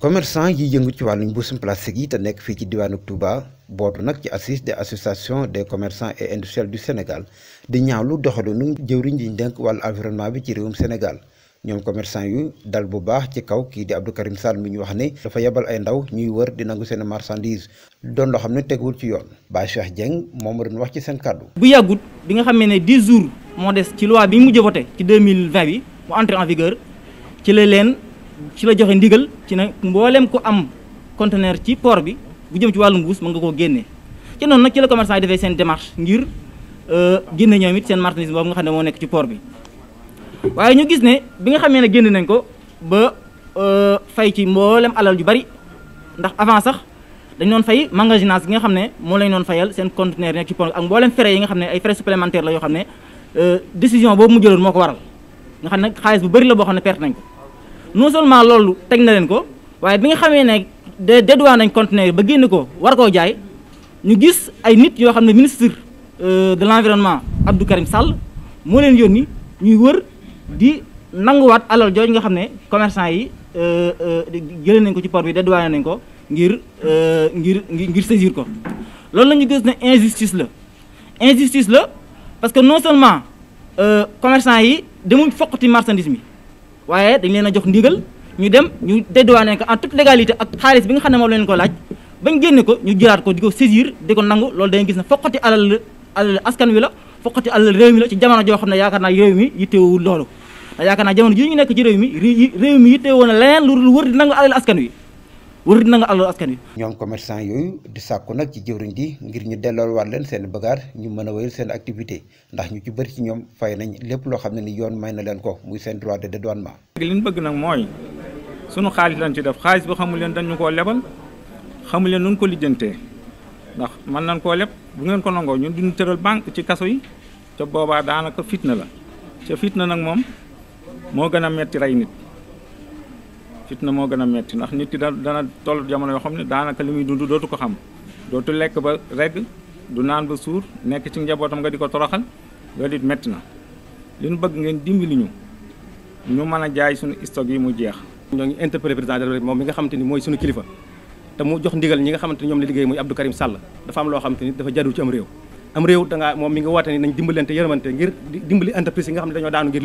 commerçant yi yëngu ci wàllum mbuusum plastique yi te nekk fii ci diwaanu Touba bootu nag ci assise des associations des commerçants et industriels du Sénégal di ñaawlu doxalinu jëwriñ ji ñu dénk wàllu environnement bi ci réewum Sénégal ñoom commerçant yu dal bu baax ci kaw kii di Abdou Karim Sall mi ñu wax ne dafa yebal ay ndaw ñuy wër di nangu seen marchandise doon loo xam ne teguwul ci yoon Baye Cheikh Dieng moom doon wax ci seen kàddu. bu yàggut bi nga xam ne 10 jours moo des ci loi bi ñu mujj voté ci 2020 bi mu entré ci la joxe ndigal ci ne mboolem ku am conteneur ci port bi bu jëm ci wàllu mbuus ma nga koo génnee ci noonu nag ci la commerçant yi defee seen démarche ngir euh, génne ñoom it seen marchandise boobu nga xam ne moo nekk ci port bi waaye ñu gis ne bi nga xamee ne génn nañ ko ba euh, fay ci mboolem alal yu bari ndax avant sax dañ doon fay magasinage bi nga xam ne moo lañ doon fayal seen conteneur yi nekk ci port ak mboolem frais yi nga xam ne ay frais supplémentaires la yoo xam ne euh, décision boobu mu jëloon moo ko waral nga xam ne xaalis bu bari la boo xam ne perte nañ ko non seulement loolu teg na leen ko waaye bi nga xamee ne de dédouane nañ conteneur ba génn ko war koo jaay ñu gis ay nit yoo xam ne ministre euh, de l'environnement Abdou Karim Sall moo leen ni ñuy wër di nanguwaat alal jooju nga xam ne commerçant yi euh, euh, jëlee nañ ko ci port bi dédouane nañ ko ngir ngir ngir saisir ko loolu lañu gis ne injustice la injustice la parce que non seulement commerçant yi demuñ foqati marchandise mi waaye dañ leen a jox ndigal ñu dem ñu dédouané ko en toute légalité ak xaalis bi nga xam ne moom leen ko laaj bañ génne ko ñu jëlaat ko di ko saisir di ko nangu loolu dañuy gis ne foqati alal alal askan wi la foqati alal réew mi la ci jamono joo xam ne yaakaar naa réew mi yitteewul loolu te yaakaar naa jamono ji ñu nekk ci réew mi réew mi yitteewoo na leneen lu wër di nangu alal askan wi war na nga alal askan wi. ñoom commerçant yooyu di sàkku nag ci jëwriñ ji ngir ñu waat leen seen bagaar ñu mën a wéyal seen activité ndax ñu ci bëri ci ñoom fay nañ lépp loo xam ne ni yoon may na leen ko muy seen droit de dédouanement. li ñu bëgg nag mooy sunu xaalis lañ ci def xaalis bi xamul leen dañu koo lebal xamul leen nu ko lijjantee ndax mën nañ koo leb bu ngeen ko nangoo ñun duñu tëral bank ci kaso yi ca boobaa daanaka fitna la ca fitna nag moom moo gën a metti rey nit. fitna moo gën a metti ndax nit ki da dana toll jamono yoo xam ne daanaka li muy dund dootu ko xam dootu lekk ba regg du naan ba suur nekk ci njabootam nga di ko toroxal loolu it metti na li ñu bëgg ngeen dimbali ñu ñu mën a jaay suñu stock yi mu jeex ñoo ngi interpellé président de la moom te mu jox ndigal ñi nga xamante ni ñoom la liggéey muy Abdou Karim Sall dafa am loo xamante ni dafa jaru ci am réew am réew dangaa moom mi nga woote ni nañ dimbalante yërmante ngir dimbali entreprise yi nga xam ne dañoo daanu ngir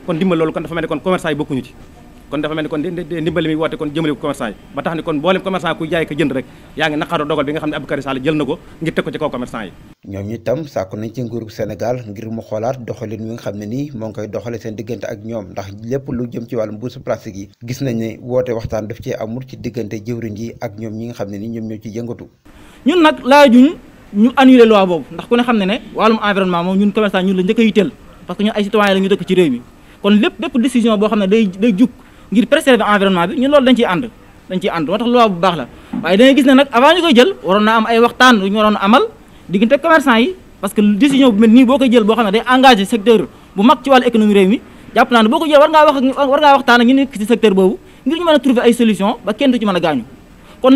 kon dimbal loolu kon dafa mel ne kon commerçant yi bokkuñu ci kon dafa mel ne kon ndimbal mi woote kon jëmale ko commerçant yi ba tax ni kon mboolem commerçant kuy jaay ko jënd rek yaa ngi naqaru dogal bi nga xam ne Abdou Karim Sall jël ko ngir teg ci kaw commerçant yi ñoom itam sàkku nañ ci nguurub Sénégal ngir mu xoolaat doxalin wi nga xam ne nii moo ngi koy doxale seen diggante ak ñoom ndax lépp lu jëm ci wàllum bourse plastique gis nañ ne woote waxtaan daf ci amul ci diggante jëwriñ yi ak ñoom ñi nga xam ne nii ñoom ñoo ci yëngatu ñun nag laajuñ ne xam ne a yitteel parce kon lépp bépp décision boo xam ne day day jug ngir préserver environnement bi ñun loolu dañ ciy ànd dañ ciy ànd moo tax bu baax la waaye da ngay gis ne nag avant ñu koy jël waroon naa am ay waxtaan yu ñu waroon amal diggante que décision bu mel boo koy jël boo xam ne engagé secteur bu mag ci wàllu économie réew mi jàpp naa boobu ngir ñu mën a trouver ay solution ba kenn du ci mën a gaañu kon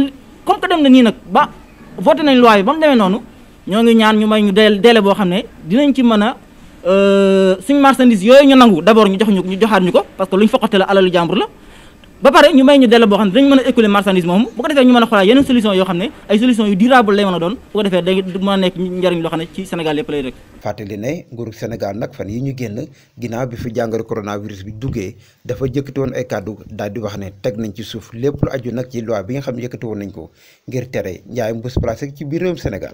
comme que dem na nii nag ba voté nañ loi bi ba mu demee noonu ñoo ngi ñaan ñu may ñu délai boo xam ne dinañ ci mën a Euh, suñ marchandise yooyu ñu nangu d' abord ñu jox ñu ñu joxaat ñu ko parce que lu ñu foqate la alalu jàmbur la ba pare ñu may ñu delloo boo xam ne dañu mën a écouler marchandise moomu bu ko defee ñu mën a xoolaat yeneen solution yoo xam ne ay solution yu durable lay mën a doon bu ko defee day mën a nekk njariñ loo xam ne ci Sénégal yëpp lay rek fàttali ne nguuru Sénégal nag fan yi ñu génn ginnaaw bi fi jàngoro coronavirus bi duggee dafa jëkkati woon ay kàddu daal di wax ne teg nañ ci suuf lépp aju nag ci loi bi nga xam ne yëkkati woon nañ ko ngir tere njaayum bus plastique ci biir réewum Sénégal